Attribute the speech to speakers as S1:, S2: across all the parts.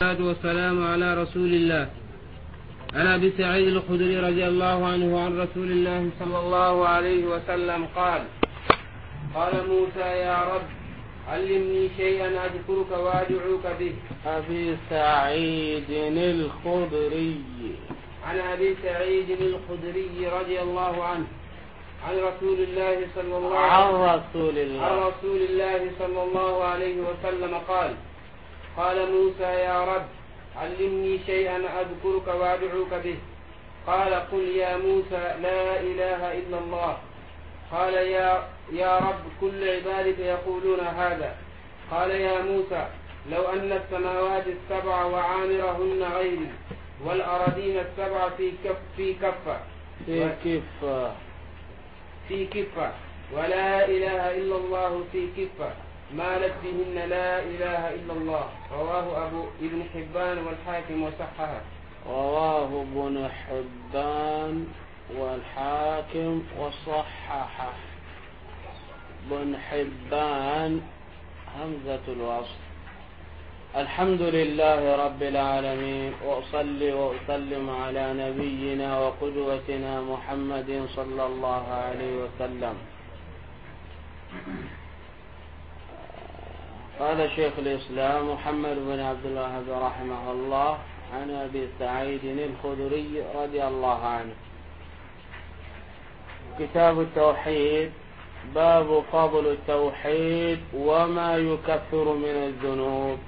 S1: والصلاة والسلام على رسول الله أنا أبي سعيد الخدري رضي الله عنه عن رسول الله صلى الله عليه وسلم قال قال موسى يا رب علمني شيئا أذكرك وأدعوك به
S2: أبي سعيد الخدري
S1: عن أبي سعيد الخدري رضي الله عنه عن رسول الله صلى الله عن رسول الله عن رسول الله صلى الله عليه وسلم قال قال موسى يا رب علمني شيئا أذكرك وأدعوك به قال قل يا موسى لا إله إلا الله قال يا, يا رب كل عبادك يقولون هذا قال يا موسى لو أن السماوات السبع وعامرهن غيري والأراضين السبع في كف في كفة
S2: في كفة
S1: في كفة ولا إله إلا الله في كفة مالت بهن لا إله إلا الله رواه أبو ابن حبان والحاكم وصححه
S2: رواه ابن حبان والحاكم وصححه بن حبان همزة الوصف الحمد لله رب العالمين وأصلي وأسلم على نبينا وقدوتنا محمد صلى الله عليه وسلم قال شيخ الإسلام محمد بن عبد الوهاب رحمه الله عن أبي سعيد الخدري رضي الله عنه كتاب التوحيد باب فضل التوحيد وما يكفر من الذنوب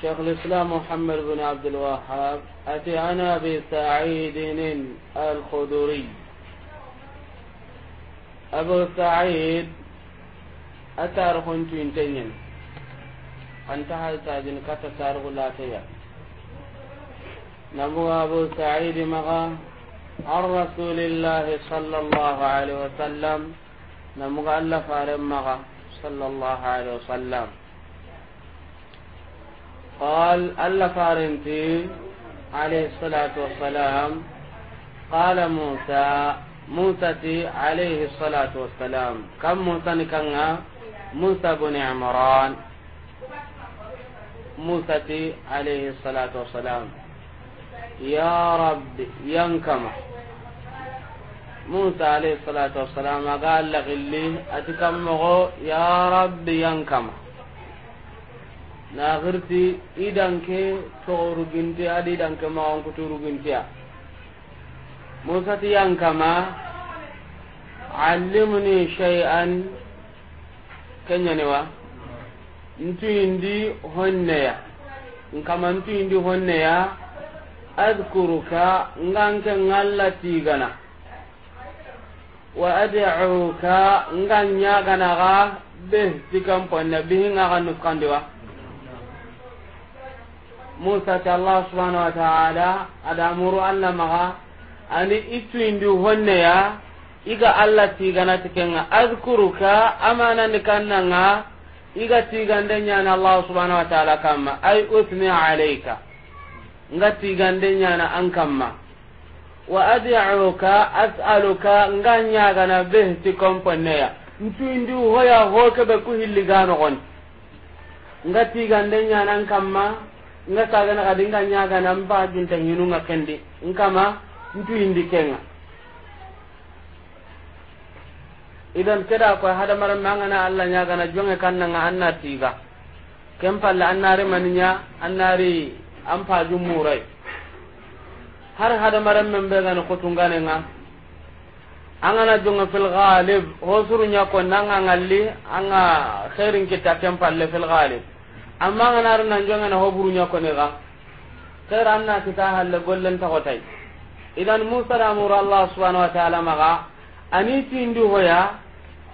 S2: شيخ الإسلام محمد بن عبد الوهاب أتي عن أبي سعيد الخدري أبو سعيد atar hontu intenyen anta hal tajin kata tarhu lataya namu abu sa'id maga ar rasulillah sallallahu alaihi wasallam namu alla faram maga sallallahu alaihi wasallam قال ألا فارنتي عليه الصلاة والسلام قال موسى موسى عليه الصلاة والسلام كم موسى نكنا musa bun imran musa ti alayhi salatu wassalam ya rabbi yankama musa alayhi salatu wassalam aga alla gilli ati kammogo ya rabbi yankama naxirti i danke toxoruginti adi i danke maxonkuturugintiya musa ti ne wa indi honneya nkama ntuyindi honneya adkuruka nganke ngalla tigana wa ad'uka ngan ga be tikamponna bihingaga nuskandiwa musa ta allah subhanahu wa ta'ala adamuru allah maga ani ituyindi honneya iga allah tiganati kenga adkuruka amanani kannanga iga tigande ñana allah subhanahu wa taala kamma ay uthni alayka nga tigande ñana an kamma wa adiuka asaluka nga ñagana behti komponneya ntuindi hoya hokeɓe ku hilliganogon nga tigande ñana an kamma nga sagana kadi nga ñagana n baginta hinunga kendi n kama ntuindi kenga idan keda ko hadamar mangana Allah nya gana jonge nga anna tiga kem palla annare maninya annare ampa jumurai har har maran men be gana ko tungane nga angana jonge fil ghalib ho suru nya ko nanga ngalli anga khairin kita kem palle fil ghalib amma ngana nan jonge na ho buru nya ko ne ga khair anna kita halle gollen ta kotai idan musa da mura Allah subhanahu wa ta'ala maga ani tindi hoya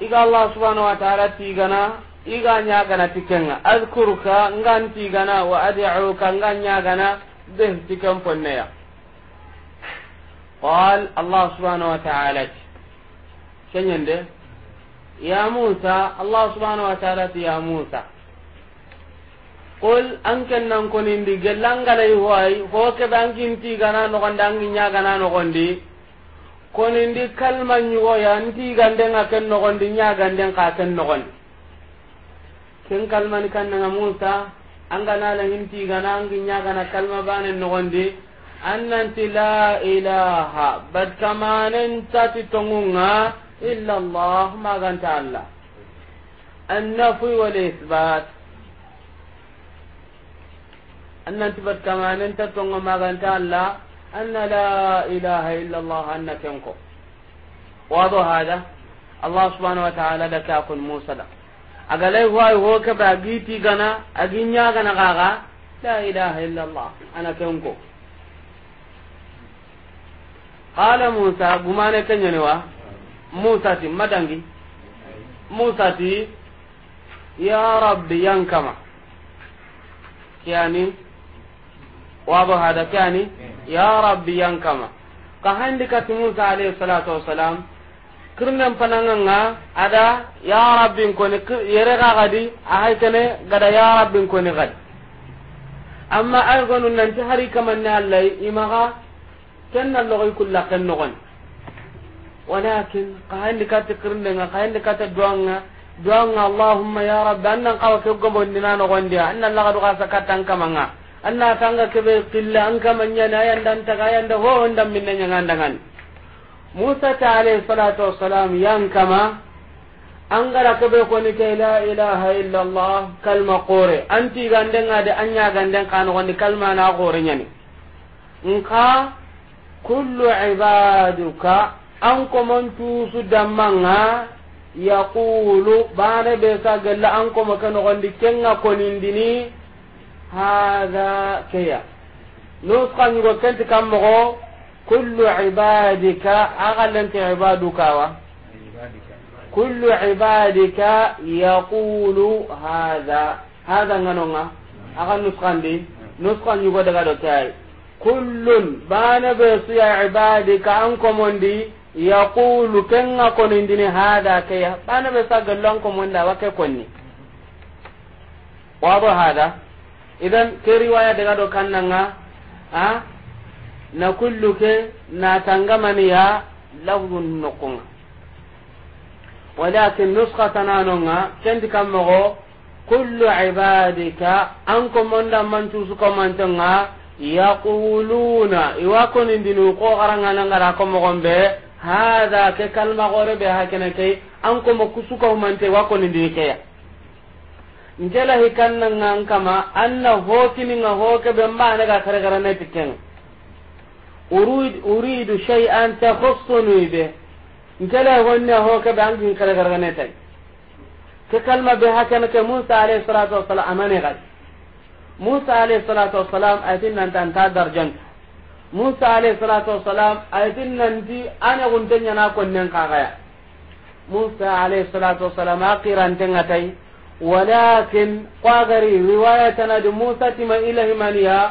S2: iga allah subhanahu wa ta'ala tigana iga gana tikenga azkuruka ngan tigana wa ad'uka ngan nyagana deh tiken ponneya qal allah subhanahu wa ta'ala kenyende ya musa allah subhanahu wa ta'ala ya musa qul anken nan konindi gellangalay hoy hokeɓe ankintigana nogondi angi ñagana nogondi konindi kalma ñugoya nti gandenga ken nogondi ñaganden ka ken nogondi ken kalmani kannanga musa anganala hintigana angi ñagana kalma bane nogondi annanti la ilaha bad kamanen tati tongunga illa allah maganta allah annafui walisbat annanti bad kamanen ta tonga maganta allah أن لا إله إلا الله أن كنكو واضح هذا الله سبحانه وتعالى لك أكون موسى أقول له هو هو كبا أجيتي غنا أجينيا غنا غاغا لا إله إلا الله أنا كنكو قال موسى بمعنى كنينوا موسى مدنجي موسى تي يا ربي ينكما يعني واضح هذا يعني ya rabbi yankama ka handi tumu musa alayhi salatu wassalam kirnan pananganga ada ya rabbi koni yere ga gadi a kene gada ya rabbi koni gadi amma ay gonu nanti hari ne allai imaga kenna logoy kulla kan nogon walakin ka handi ka kirnenga ka handi ka duanga duanga allahumma ya rabbi annan kawa ke gobondina nogondi annan lagadu ka sakatan kamanga anna tanga kebe qilla an kama nyana ayandan taga ayanda ho onda minna nyangandangan musa ta alayhi salatu wassalam yan kama an gara ko ni ke la ilaha illallah kalma qore anti gandenga de anya ganden kan ni kalma na qore nyani nka kullu ibaduka an ko tu su damanga yaqulu bana be sagalla an ko makano woni kenga konindini hada keya nuska nyugo kenti kam mogo kullu ibadika agalenti ibaduka wa kullu ibadika yaqulu hada hada nganonga aga nuska ndi nuska nyugo daga do tay kullun bana be su ya ibadika an komondi yaqulu kenga koni ndini hada keya bana be sagallon komonda wake konni wa hada idan ke riwaya daga do kannanga a na kullu ke na tangamani ya lafdun nukunga walakin nuska tananonga kendi kammogo kullu ibadika an komonda mancusu komantenga yaquluna iwa konindinu ko garanganangara komogonɓe hada ke kalma gorebe hakenekei an komo kusukomante wa konindini keya njela hikanna ngan kama anna hokini nga hoke be ne ga kare kare ne tikken urid an ta takhussuni be njela honna hoke be angin kare kare ne tay ke kalma be hakana ke Musa alayhi salatu wassalam amane ga Musa alayhi salatu wassalam ayatin nan tan ta darjan Musa alayhi salatu wassalam ayatin nan di ana guntenya na konnen kagaya Musa alayhi salatu wassalam aqiran tengatai ولكن قاغري رواية ند موسى تما إله منيا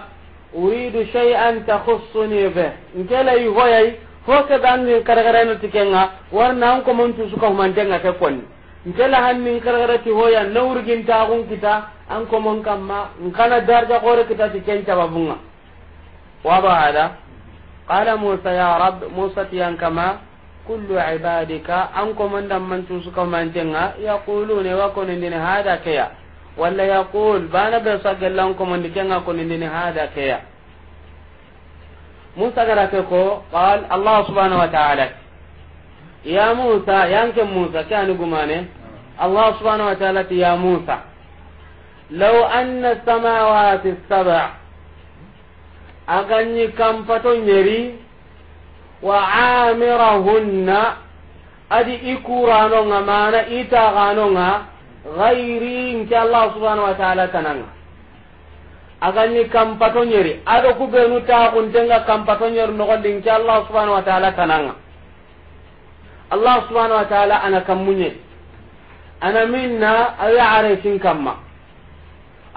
S2: أريد شيئا تخصني به نكلا يغوي فوق بان كرغرين تكينا ورنا أنكم من تسكه من تنغا ككوني nkela hannin kargarati hoya nawurgin tagun kita an komon kamma nkana darja kore kita ti ken cababunga waba hada qala musa ya rab musa tiyan kama kullu ibadika an ko manda man tu suka manjenga ne wa kono ndine hada kaya walla yaqul bana be sagallan ko mandi kenga kono ndine hada kaya musa gara ke ko qal allah subhanahu wa ta'ala ya musa yanke musa kani gumane allah subhanahu wa ta'ala ya musa law anna samawati sab'a aganyi kampato nyeri وعامرهن adi i kuranonga mana i taganonga gairi nke allah subhanahu wa ta'ala tananga aganni kampato nyeri ado ku benu taguntenga kampato nyeri nogondi nke allah subhanahu wa ta'ala tananga allah subhanahu wa ta'ala ana kammunye ana minna awa aresin kamma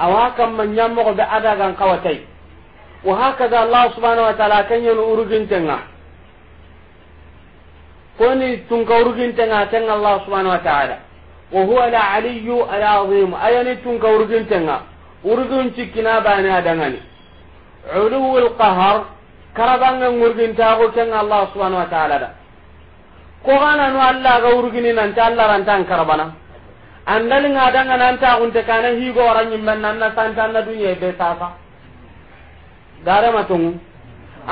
S2: awa kamma nyammogo be adagan kawatai wa hakaza allah subhanahu wa ta'ala koni tunkawrugintenga ten allah subhanau wa taala wa huwa alaliyu alazim ayani tunkawrugintenga urgin cikkina bani adangani uluwu lqahar karabanga ngurgintago kenga allah subhanau wa taala da kogananu allah ga urgini ta allah rantan karabana andali nga danga nanta gunte kana higo wara nyimben nanna santa na dunye be sasa gare matungu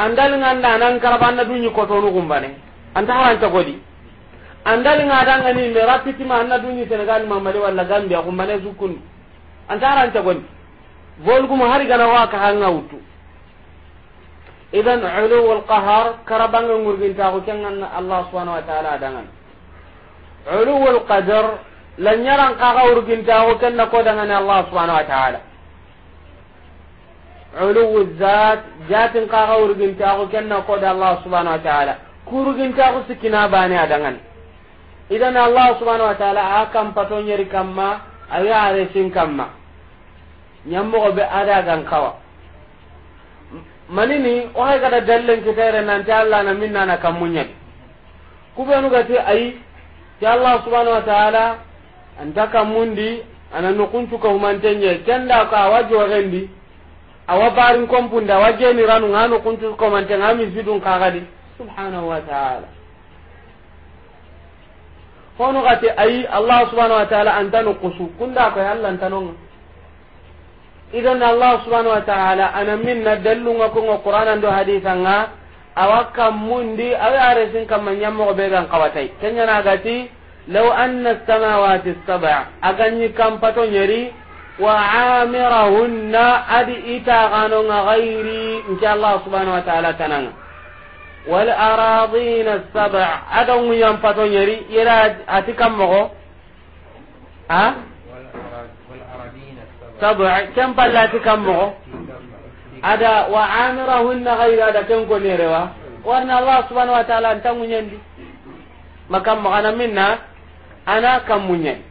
S2: andali nga ndanan karabanna dunyi kotonu gumbane anta haranta godi andali nga danga ni me rapiti ma anna dunyi senegal ma male wala gambia ko male zukun anta haranta godi bol gum hari gana wa ka hanga utu idan ulu wal qahar karabanga ngurgin ta ko kenan allah subhanahu wa ta'ala dangan ulu wal qadar lan yaran ka ga urgin ta ko kenna ko dangan allah subhanahu wa ta'ala ulu zat jatin ka ga urgin ta ko kenan ko da allah subhanahu wa ta'ala sikina bani a adangan idan allah subhanahu wa taala a kampato ñeri kamma are aresin kamma ñammogo be ada gan kawa manini ke gada nan ta allah na ku nana kammuñadi kubenugati ayi ti allah subhanahu wa taala anta kammundi ana nukuncuka humantenye kenda ka awa joxendi awa barin kompunde awa jeniranunga nukuncukomante nga misidun kaxadi subhanahu wa ta'ala hono gati ayi allah subhanahu wa ta'ala antanu kusu kunda ko allah antanonga idan allah subhanahu wa ta'ala ana minna dallunga ko qur'ana ndo haditha nga awaka mundi are sin kam mo be gan kawatai tanya na gati law anna samawati saba aganyi kam pato nyeri wa amirahunna adi ita ganonga ghairi insha allah subhanahu wa ta'ala tananga والأراضين السبع أدون ينفتو يري يرى أتكم مغو ها
S1: سبع كم بلا أتكم مغو أدا
S2: وعامرهن غير أدا كم كن يروا وأن الله سبحانه وتعالى أنتم يندي مكان مغانا منا أنا كم يندي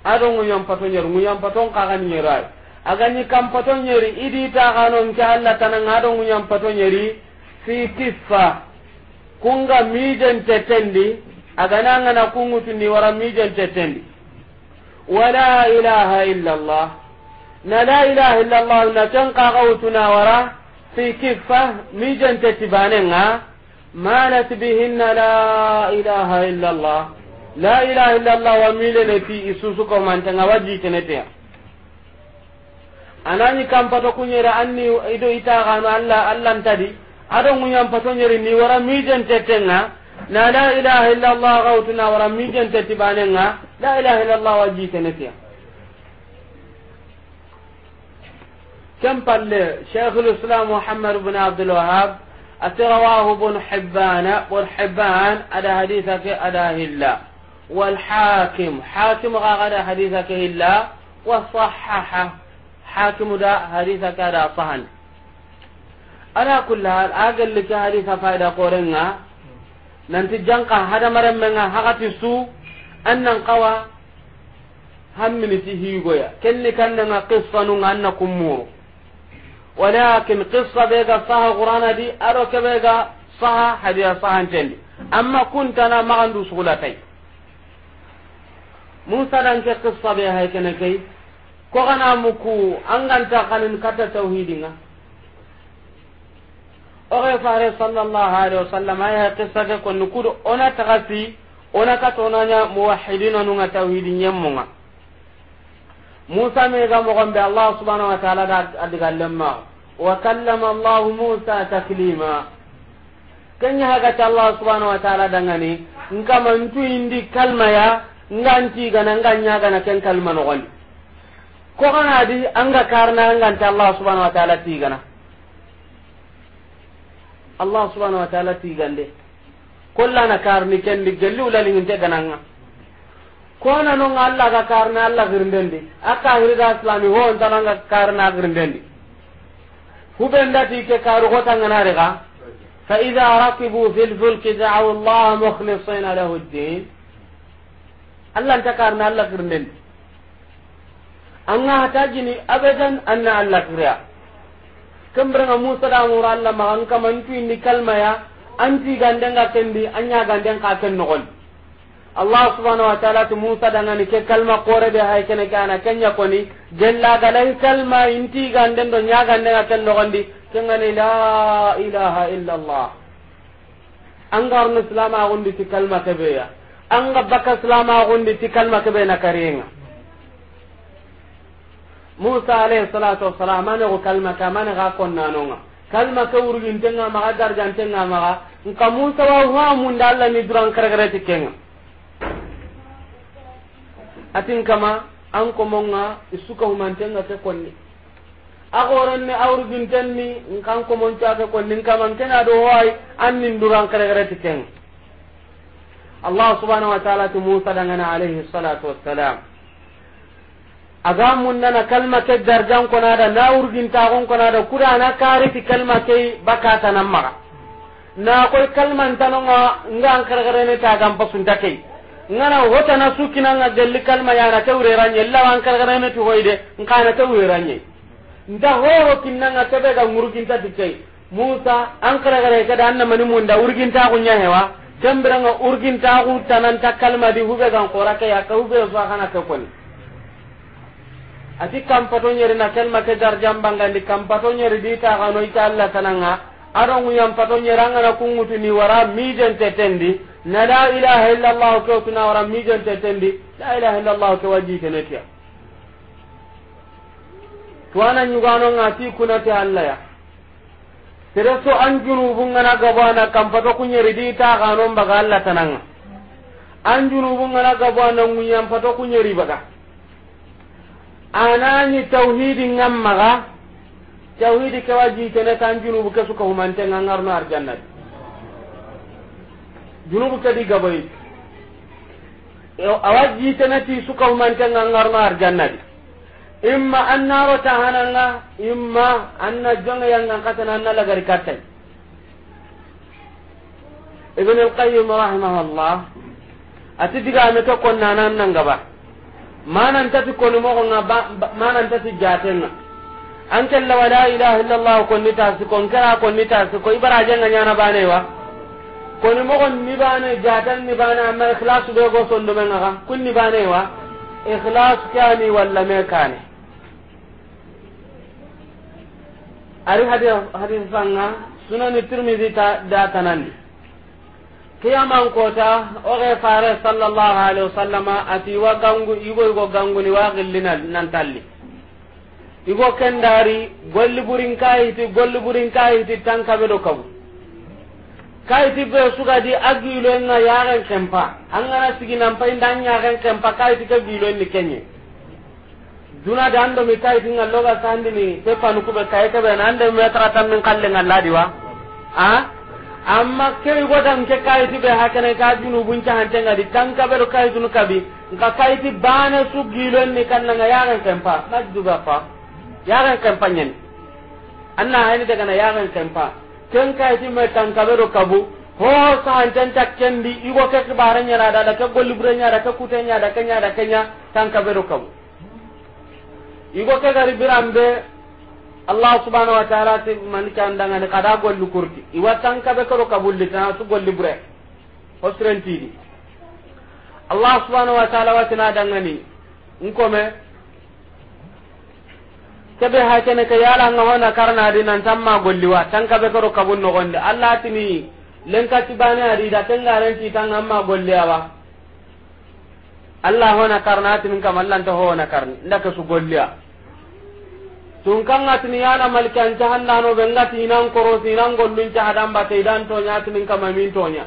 S2: ado nguyam patonyer nguyam paton kagan yerai agani kam patonyeri idi ta ganon ke Allah tananga ado nguyam patonyeri fi kiffa kunga mijen tetendi agana ngana kungutundi wara mijen tetendi wala ilaha illa allah na la ilaha illa allah na can kagawutuna wara fi kiffa mijen tetibanenga manat bihinna la ilaha illa allah la ilaha illa allah wa mileneti isusukomantanga wajitenetea anani kampato kunyera anni ido itagano alla allantadi ado ngunyam patonyeri ni wara mijen tetenga na la ilaha illa allah gautuna wara mijen tetibanenga la ilaha illa allah wajitenetia كم قال شيخ الاسلام محمد بن عبد الوهاب اترواه بن حبان والحبان على حديثك على هلا والحاكم حاكم غادر حديثك هلا وصححه حاكم دا حديثك على صحن ala kulli hal agalli ke hadisa faida korenga nanti janka hada maremmenga hakati su annan qawa hammini ti higoya kenni kannanga qissanunga anna kummuru walakin qissa bega saha qur'ana di aro ke bega saha hadiya saha ntendi amma kuntana magandu sugulatai musa dan ke qissa be hay kene kai ko kana muku anganta kanin kata tauhidinga oxe fare sallallahu alaihi wasallam aya qissa ke kon kudo ona tagasi ona katonanya muwahhidina nunga tauhidin nyemmunga musa me ga mo gombe allah subhanahu wa ta'ala da adiga lemma wa kallama allah musa taklima kanya haga ta allah subhanahu wa ta'ala dangani nka mantu indi kalma ya nganti gana nganya na ken kalma no ko kana di anga karna nganta allah subhanahu wa ta'ala ti gana allah subhanahu wa ta'ala tigande kollana karni kendi gelli ulalinginte gananga kona non allah ga karna allah girndendi aka hirga islami ho ontananga karna girndendi hubendati ke karu hotanganare ga fa ida rakibu fi lfulki dau allah mukhlisina lahu ddin allah nta karna allah girndendi anga hatajini abadan anna allah kiriya kembranga musa da mura Allah ma an kama ntu indi kalma ya anti ganden ga kendi anya ganden ka ken nogon Allah subhanahu wa ta'ala tu musa da ngani ke kalma kore be hay kene kana kenya koni gella galai kalma inti ganden do nya ganden ga ken nogon di kengani la ilaha illa Allah angar islam a gondi ti kalma kebe ya anga baka islam a gondi ti kalma kebe na karenga musa alayhi salatu wassalam mane ko kalma ka mane ga konnanonga kalma ka urgintenga maga ma maga nka musa wa huwa mun dalla ni duran karagara tikenga atin kama an komonga isuka humantenga ke konni kan ko mon ta ke konni man kena do hoy ni duran karagara tikenga allah subhanahu wa ta'ala tu musa dangana alaihi salatu wassalam aga munnana kalma ke darjan nada na ko urgintaxon konada kudana ti kalma ke bakatanan maxa na nga kare ne ta gam tagan pasunta kei ngana na hotana sukkinanga gelli kalma yana ke wureranye lawan ne ti hoyde nkana ke wureranye nta horo kinnanga kebe ga ngurginta ta dikke musa an kare-kare da kada annamani munda gunya hewa kembiranga urgintaxu tananta kalma di hube gan kora ke ka hube so kana ke koni ati kampato nyeri na kelma ke darjam bangandi kampato nyeri di ta gano ita Allah tananga ado nguyam pato nyeri na kungutu ni wara mijen tetendi na la ilaha illa Allah ke kuna wara mijen tetendi la ilaha illa Allah ke waji kenetia tuana nyugano ngati kuna te Allah ya tereso an bunga ngana gabana kampato kunyeri di ta gano baga Allah tananga an bunga ngana gabana nguyam pato kunyeri baga anani tauhidi ngammaga tauhidi kewa jitene kan junubu ke suka humante ngangarno arjannati junubu kedi gaboyi awa jitenati suka humante ngangarno arjannati imma annaro tahananga imma anna jonge yangan katana anna lagari kattai ibn al-qayyim rahimahullah ati diga me to konna nan nan gaba manan tati koni mogo nga manan tati jatenga an kella wa la ilaha illa allah konni tasi kon kara ni tasi ko ibara jenga nyana bane wa koni mogo ni bane jatan ni bane amma ikhlas be go sondo men nga kun ni bane wa ikhlas kani walla me kani ari hadith hadith sanga sunan tirmidhi ta da tanani kiyaman kota oge fare sallallahu alaihi wasallam ati wa gangu igo igo gangu ni wa gillina nan talli igo kendari golli burin kayiti golli burin kayiti tanka be do kabu kayiti be suga di agilo na yaren kempa angana sigi nan pa indan yaren kempa kayiti ke gilo ni kenye duna da ando mi kayiti ngal loga sandi ni te panu kube kayete be nan de metra tan min kalle ngal ladiwa ah. amma kei godan ke kayti be hakana ka junu bunca hante ngadi tanka be kai nu kabi nka kayti bana su gilon ni kan nga yaran kempa ba pa yaran kampanyen anna hayni daga na yaran kempa ken kayti me tanka be kabu ho sa hante takkendi igo ke kibare nyara da da ke nya nyara ke kute nyara ke kenya ke nya tanka be kabu igo ke gari birambe allah subhanahu wa ta'ala te man kan danga ne kada gollu kurti tan ka be karo kabulli tan su golli bure hosrenti di allah subhanahu wa ta'ala wa tina danga ni nkome kebe ha kene ka yala nga hona karna di nan tan ma golli wa tan ka be karo kabun gonde allah tini ti bane ari da tan ga ren ti tan ma golli wa allah hona karna tin kam allah ta hona karna ndaka su golliya tun kan atini yana malkan jahanna no benga nan koro nan gollun jahadan ba teidan to nya tinin kama min to nya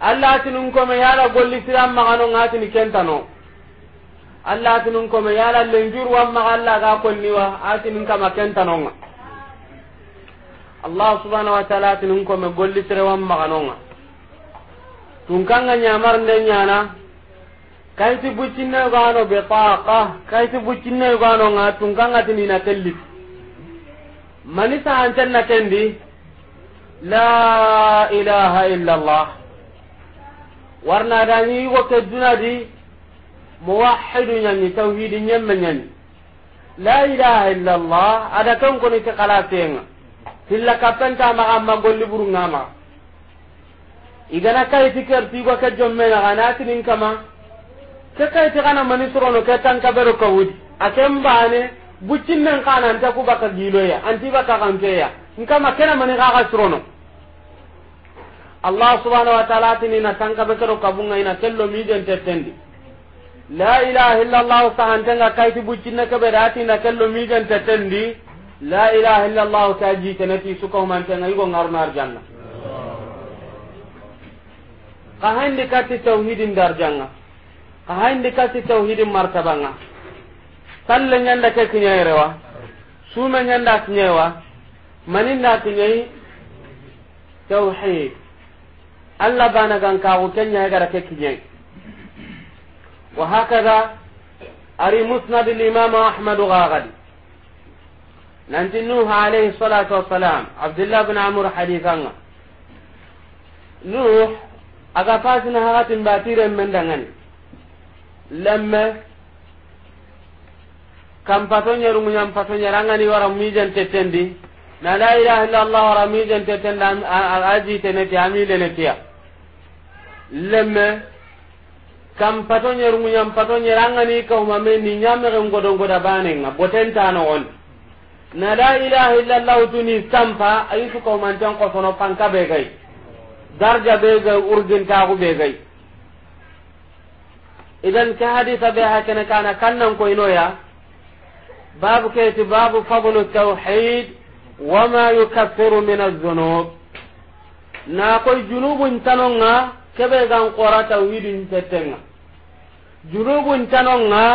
S2: Allah tinun ko me yala golli tiram magano kenta kentano Allah tinun ko me yala lenjur wa ma Allah ga konniwa atinin kama kentano nga Allah subhanahu wa ta'ala tinun ko me golli tiram magano nga tun kan nya mar nden nyana kayti buccinne gano bitaqa kayti buccinne gano nga tunkangati nina kellif mani sahantenna kendi la ilaha illa allah warna dani yigo keddunadi muwahidu ñani tawhidi ñemme ñani la ilaha illa allah ada ken koniti kalasenga hilla kappentamaxa ma golli ɓurungamaxa igana kerti kertigo ke jommenaxa natinin kama ke kai ti kana mani surono ke tan bero ko wudi akem bane buccin nan kana anta ku baka gilo ya anti baka kante ya nka makena mani ka ka surono allah subhanahu wa ta'ala tini na tan ka bero ko bunga ina kello mi den tettendi la ilaha illa allah sahanta ga kai ti buccin na ka bero ati na kello mi den tettendi la ilaha illa allah ta ji su suka man tan ngi go ngarna arjanna ka kati katti tauhidin darjanga ahayndi kati tawhidin martabanga salle ñanda ke kiñayirewa sume wa. Manin maninda kiñayi tawhid allah banagan kaxu ke ñayi gara ke kiñayi wa hakada ari musnad limamu ahmadu gagadi nanti nuh alayhi salatu wassalam abdullah bin amur hadithanga nuh aga pasina hakatin batiren men dangani lemme kam patonyeru munyam patonyera ngani wara mijen tetendi na la ilaha illa allah wara mijen tetenda aji teneti amile netia lemme kam patonyeru munyam patonyera ngani ka me ni nyame ngodo ngodo ngoda bane nga botenta no on na la ilaha illa allah tuni sampa ayitu ka umantan ko sono panka be gai darja be gai urgin ta ku be gai idan ke hadisa be ha kene kana kannan ko inoya babu kai ti babu fadlu tauhid wama yukaffiru min adh-dhunub na ko junubun tanonga kebe gan qora tawhidin tetenga junubun tanonga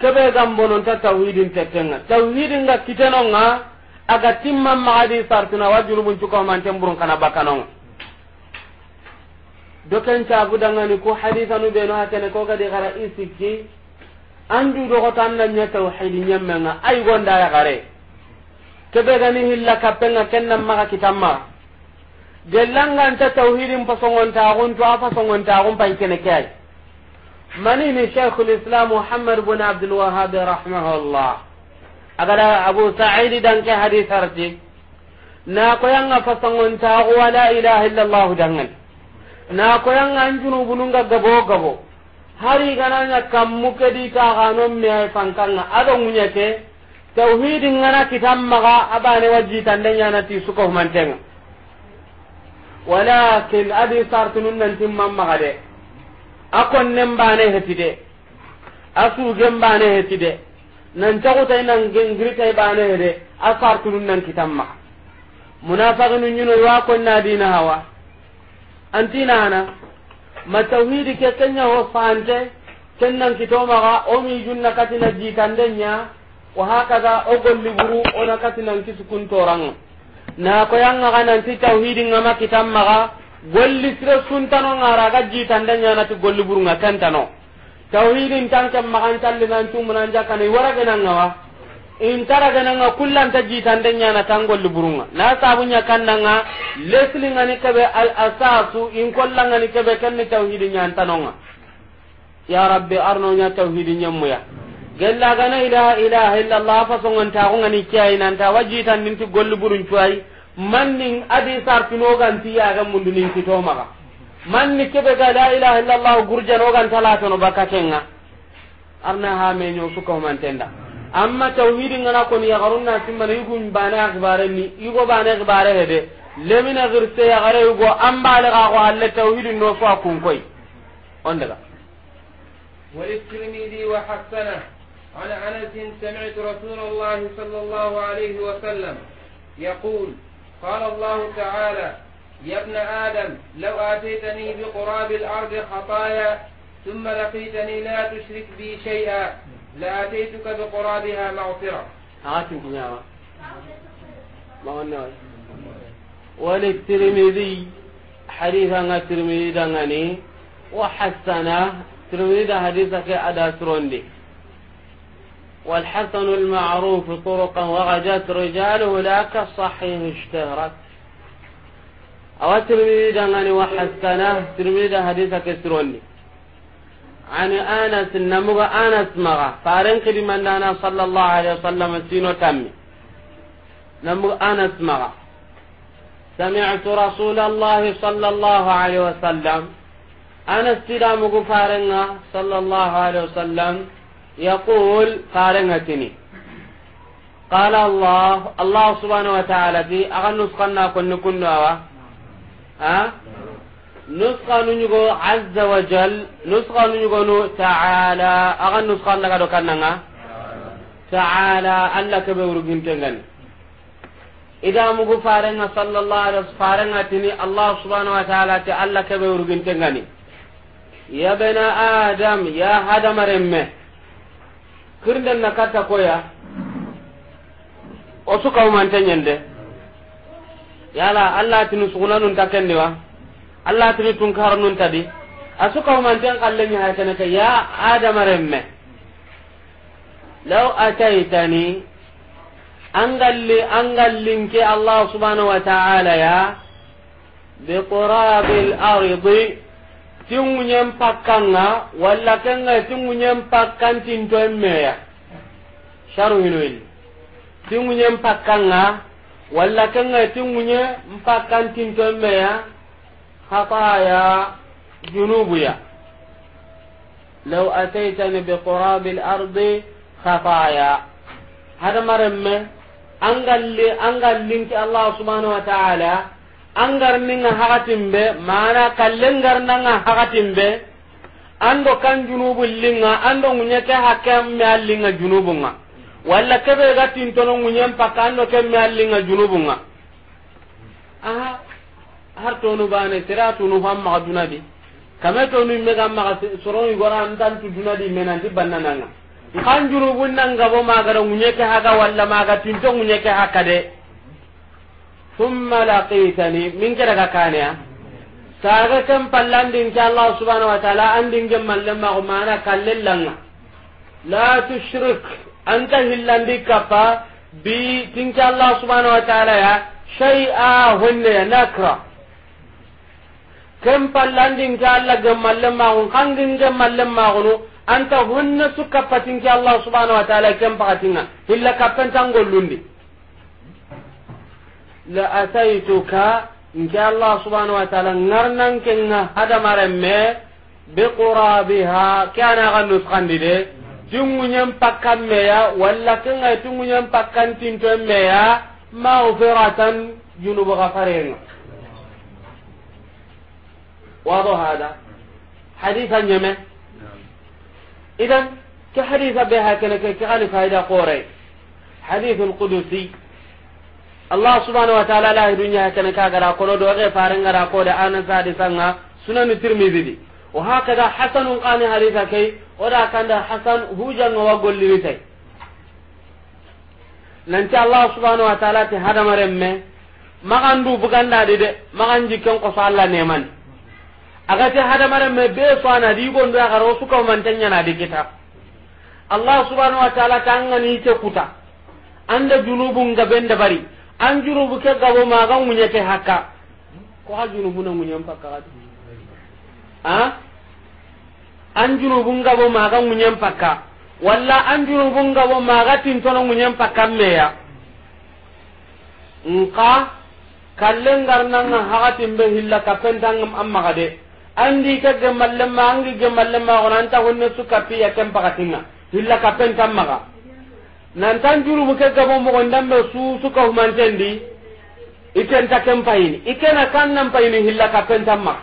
S2: kebe gan bononta tawhidin tetenga tawhidin ga kitenonga aga timman maadi sartuna wa junubun cuko man kana bakanonga do ken da ngani ko hadisa nu beno ne ko de gara ki? andu do ko tan nan nya tauhidi nyamma ay gonda ya gare kebe gani hilla kapenga kenna ka kitamma gelanga nta tauhidin pasongon ta gon to afa songon ta gon pai kene kai mani ni shaykhul islam muhammad ibn abdul wahhab rahimahullah agara abu sa'id dan ke arti na ko yanga songon ta wala ilaha illallah dangan na koyanga anjunu bununga gabo gabo hari gananya muke di ta ganon me ay fankanga ado ke tauhidin ngana kitamma ga abane waji tandanya na ti suko manteng walakin adi sartunun nan tim mamma gade akon nem bane hetide asu gem bane hetide nan tagutai nan grita bane hede asartunun nan ma munafiqun yunu wa kunna dinahawa hawa antinana ma tawhidi ke kenya ho fante kennan kitomaga o mijunna katina jikandenya wa hakaza o golli buru ona katinan kisukuntoranga na koyanga gananti tawhidi ngama kitammaga golli sire suntano ngaraga jitandenya nati golli buru nga kantano tawhidin tanke magantallinantummunanjakani waragenangawa intara nga kullanta ta ñana tangolli burunga na nya kandanga kannanga ni keɓe al asasu in kollangani keɓe tauhidin nya ñantanonga ya rabbi arnoña tawhidi ñemmuya gellagana ilaha kiyai illallah ta wajita wa ti golli burun cuwayi mannin adi nin ti mundunin man manni kebe ga la ilaha illallah gurjanogantala no bakatenga arna ha man tenda. amma tawhidin ngana ko ni yagarun na timma ni gum bana akbare ni igo bana akbare hede lemina girse ya gare igo ambale ga ko alle tawhidin no fa kun koy on daga
S1: وللترمذي وحسنه عن انس سمعت رسول الله صلى الله عليه وسلم يقول قال الله تعالى يا ابن ادم لو اتيتني بقراب الارض خطايا ثم لقيتني لا تشرك بي شيئا لأتيتك بقرابها مغفرة
S2: هاتم كنيارة ما قلنا وللترمذي حديثا الترمذي دغني وحسنه ترمذي ده حديثك أدا سروندي والحسن المعروف طرقا وغجت رجاله لا كالصحيح اشتهرت أو ترمذي دغني وحسنه ترمذي حديثك سروندي عن أنس نمغ أنس مغا فارن كدي من دانا صلى الله عليه وسلم سينو تمي نمغ أنس مغا سمعت رسول الله صلى الله عليه وسلم أنس تدا مغو فارنغا صلى الله عليه وسلم يقول فارنغا تني قال الله الله سبحانه وتعالى دي أغنس قنا كن كن أه؟ nusqanu ñugo azza wa jal nusqanu ñugonu taala aga nusqan daga do kannanga taala allah keɓe wurugintengani ida mugu farenga sallallahu alaihi wasallam farenga tini allah subhanahu wa ta'ala ti allah keɓe wurugintengani ya bena adam ya hadamaremme kirden na katta koya o su sukaumanteñende yala allah tini sugunanun wa. allah tigi tun karnun tadi asu kaumanten kallenya haytanaka ya adama remme law ataitani angalli angallinke allah subhanahu wa ta'ala ya biqurabil ardi tingunyen pakkanga walla kenga tingunyen pakkan tinto emmeya sharu hinoyil tingunyen pakkanga walla kenga tingunye mpakkan tinto emmeya خطايا جنوبيا لو أتيتني بقراب الأرض خطايا هذا مرمى angalli angallinki allah subhanahu wa ta'ala angarninga hakatimbe mana kallengarnanga hakatimbe ando kan junubu linga ando ngunyeke hakem me allinga junubunga walla kebe gatin tono ngunyem pakando kem me allinga junubunga aha har tonu bane sira tunu ham ma dunadi kame tonu me ga ma soro yi gora andan tu dunadi menan di bannananga kan juru bunnan ga bo magara munye ke haga walla maga tinto munye ke haka de thumma laqitani min kira ga kane ya saga kan pallandin ke Allah subhanahu wa ta'ala andin ge mallam ma mana kallellanga la tushrik anta hillandi kapa bi tin tinke Allah subhanahu wa ta'ala ya shay'a hunna nakra kem pallandin ta Allah gammalle magun kangin gammalle magunu anta hunna sukka patin ki Allah subhanahu wa ta'ala kem pakatinga illa kapen tangollundi la ataituka inki Allah subhanahu wa ta'ala ngarnan kenga hada maremme bi qurabiha kana ganus kandide tungunyen pakkan meya walla kenga tungunyen pakkan tinto meya ma'firatan junubu gafarenga واضح هذا حديثا يمه إذا كحديث بها كنك كغالي فايدة قوري حديث القدسي الله سبحانه وتعالى لا الدنيا كنك غرا قولو دوغي فارن غرا قولي آنا سادي سنة سنن الترمذي دي وهكذا حسن قاني حديثا كي ودا كان حسن هو جنة وقل لبتاي nanti allah subhanahu wa ta'ala ti hadamaren me magan du buganda de de magan jikken ko Allah ne man agate me be soana di gondo agaro sukahumantenyanadi kita allah subhanahu wa taala ni ce kuta anda junubu da bari an junubu ke gabo ma ga munye ke hakka ko ha junubu na ŋuñen pakkakati ha an junubu ma ga munye mpaka walla an junubu ngabo maga munye mpaka me meya nka garnan ngarnanga hakatin be hilla kapentang an ga de andi ka gemallema angi gemallema gona ta honne su kapi ya kem pakatinga illa kapen tammaga nan tan juru muke gabo mo gondambe su su ka humantendi iken ta kem payini ikena kan nan payini illa kapen tammaga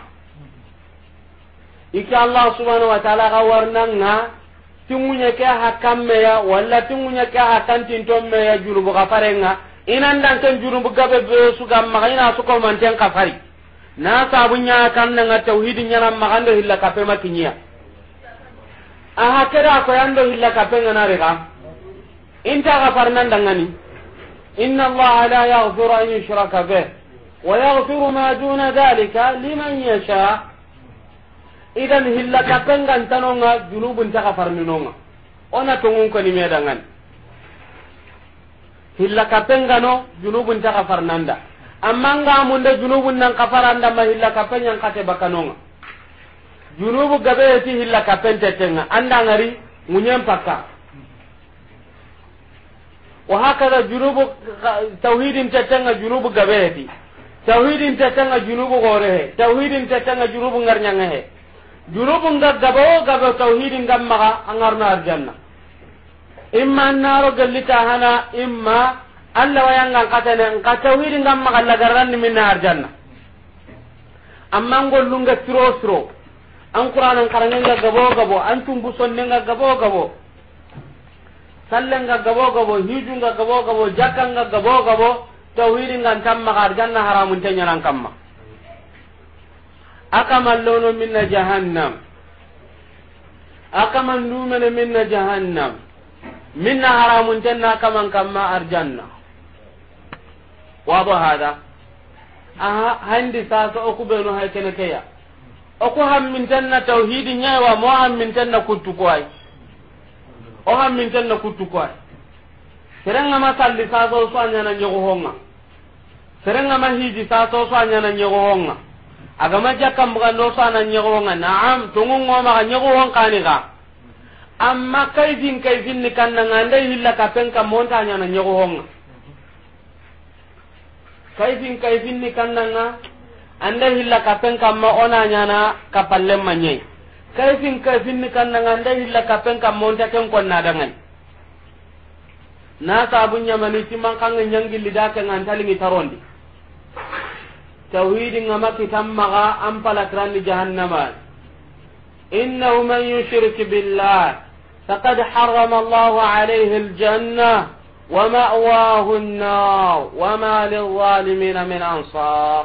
S2: ike allah subhanahu wa ta'ala ga warnanga tingunya ke hakamme ya walla tingunya ke hakantin tomme ya juru bu kafarenga inan dan kan juru bu gabe be su gamma ina su ko manten kafari na sabunya kan nan ga tauhidin yana magando hilla ma kinya a hakira ko yando hilla kafe ngana rega inta ga farnan dangani inna allaha la yaghfiru an yushraka bi wa yaghfiru ma duna dhalika liman yasha idan hilla kafe ngan tanonga junubun ta ga farninonga ona ngun ko ni medangan hilla kafe ngano junubun ta ga farnanda amma nga mun da junubun nan kafara anda mahilla kapenya kate bakanonga junubu gabe ti hilla kapente tenga anda ngari munyem pakka wa hakada junubu tauhidin tetenga junubu gabe ti tauhidin tetenga junubu gore he tauhidin tetenga junubu ngarnyanga he junubu nga gabo gabo tauhidin gamma angarna arjanna imma naro gallita hana imma alla wayangan katene nkata wiri ngam magalla garanni minna arjanna amma ngollunga siro siro an qur'anan karangenga gabo gabo an tumbu sonnenga gabo gabo sallenga gabo gabo hijunga gabo gabo jakkanga gabo gabo tawhidi ngan tamma arjanna haramun tanyaran kamma akamal lono minna jahannam akaman numene minna jahannam minna haramun tanna kaman kamma arjanna wado hada aha handi sasa oku benu hay kene keya oku hamminten na tauhidi nyewa mo hamminten na kuttu koy o hamminten na kuttu koy serenga ma salli sasa o swanya na nyogo honga serenga ma hiji sasa o swanya na nyogo honga agama jakkam buga ndo swana nyogo honga naam tungu ngoma ga nyogo honga ni ga amma kaidin kaidin ni na ndai hilla ka penka montanya na nyogo honga kayfin kayfin ni kannanga anda hilla kapen kamma ona nyana kapalle manye kayfin kayfin ni kannanga anda hilla kapen kamma onta ken konna dangan na sabun nyamani timman kan nyangi lidaka ngan talingi tarondi nga ngama kitamma am palakran ni jahannama innahu man yushrik billah faqad harrama allah alayhi aljanna ومأواه النار وما للظالمين من أنصار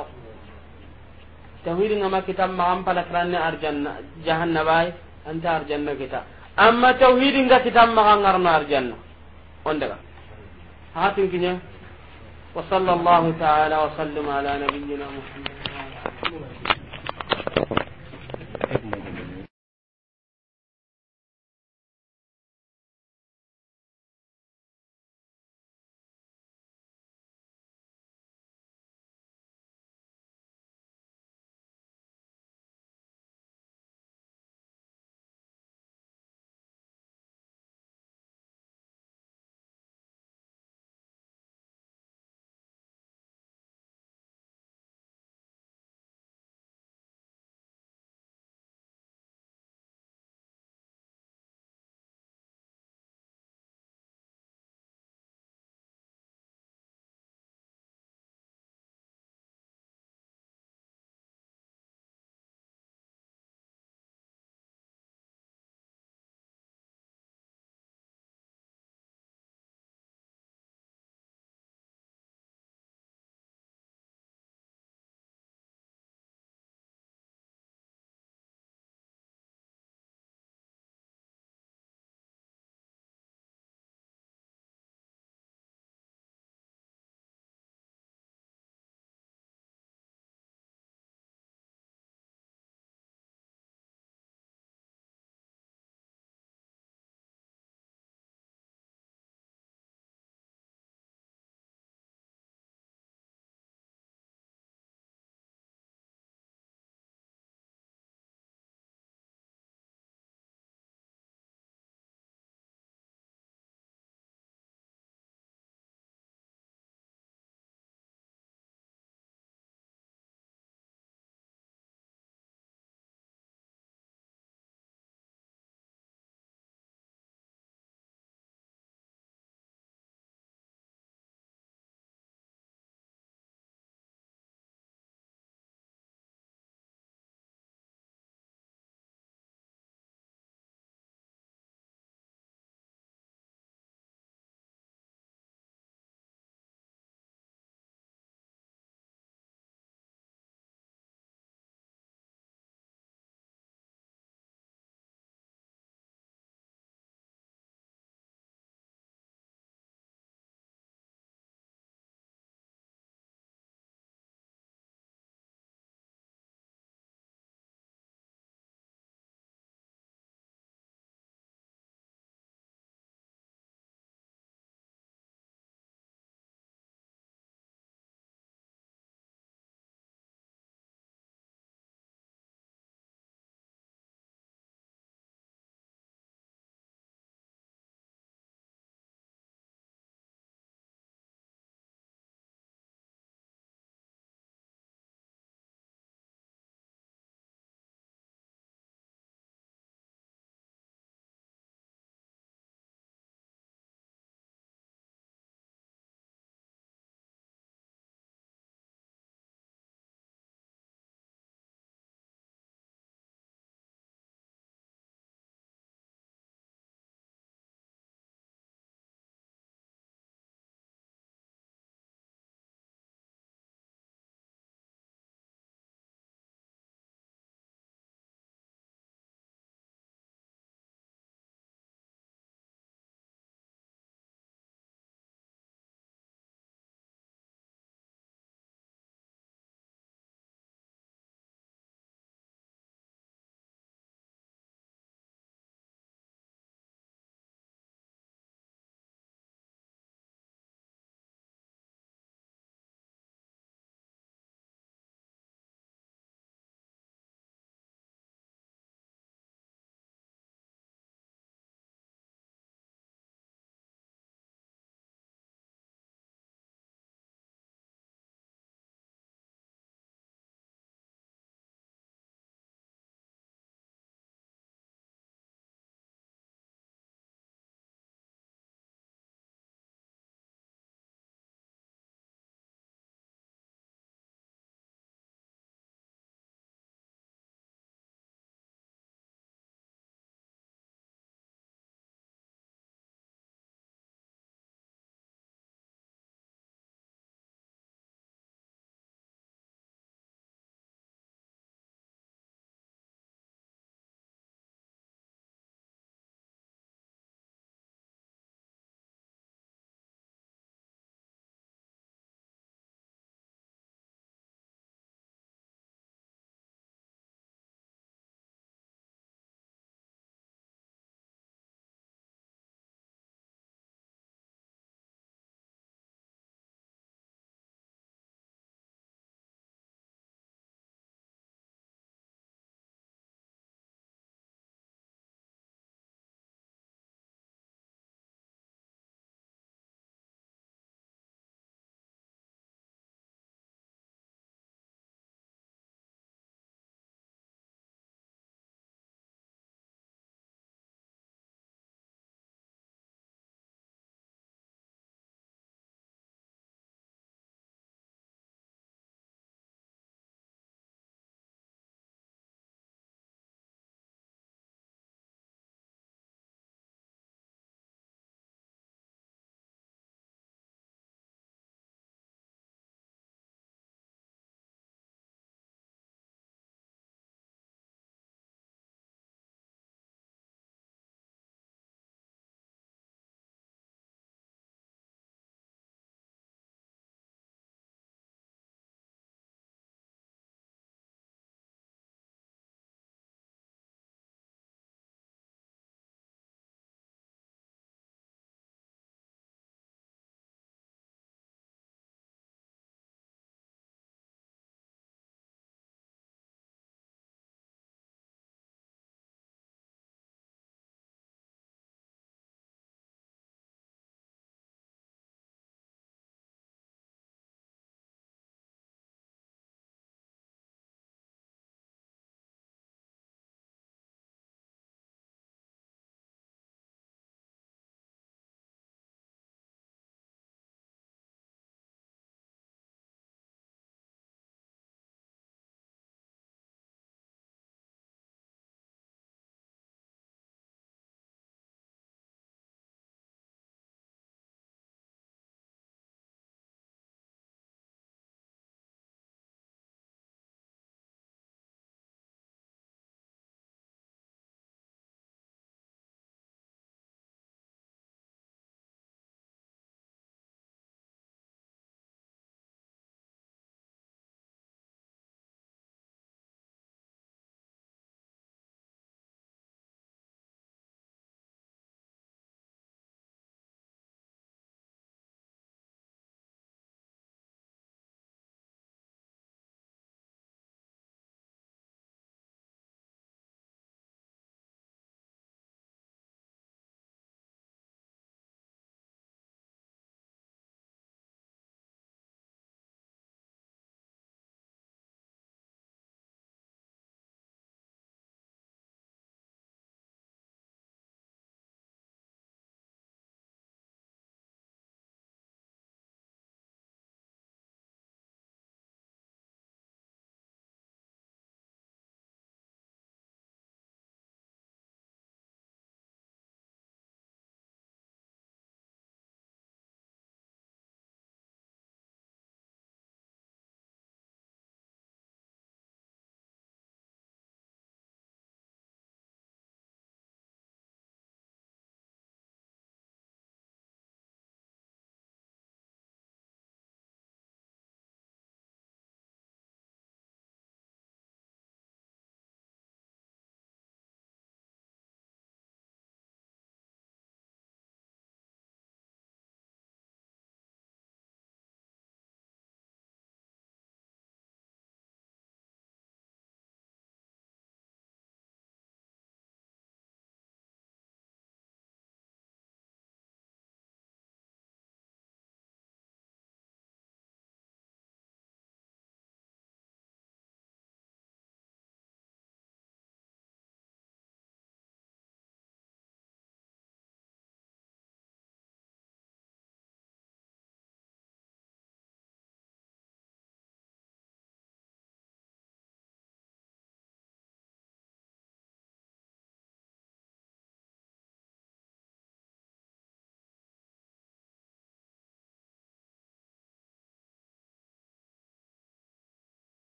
S2: توحيد ما كتاب ما أم فلكرني أرجنة جهنم باي أنت أرجنة كتاب أما توحيد ما كتاب ما أنغرنا أرجنة عندك هاتين كنيا وصلى الله تعالى وسلم على نبينا
S1: محمد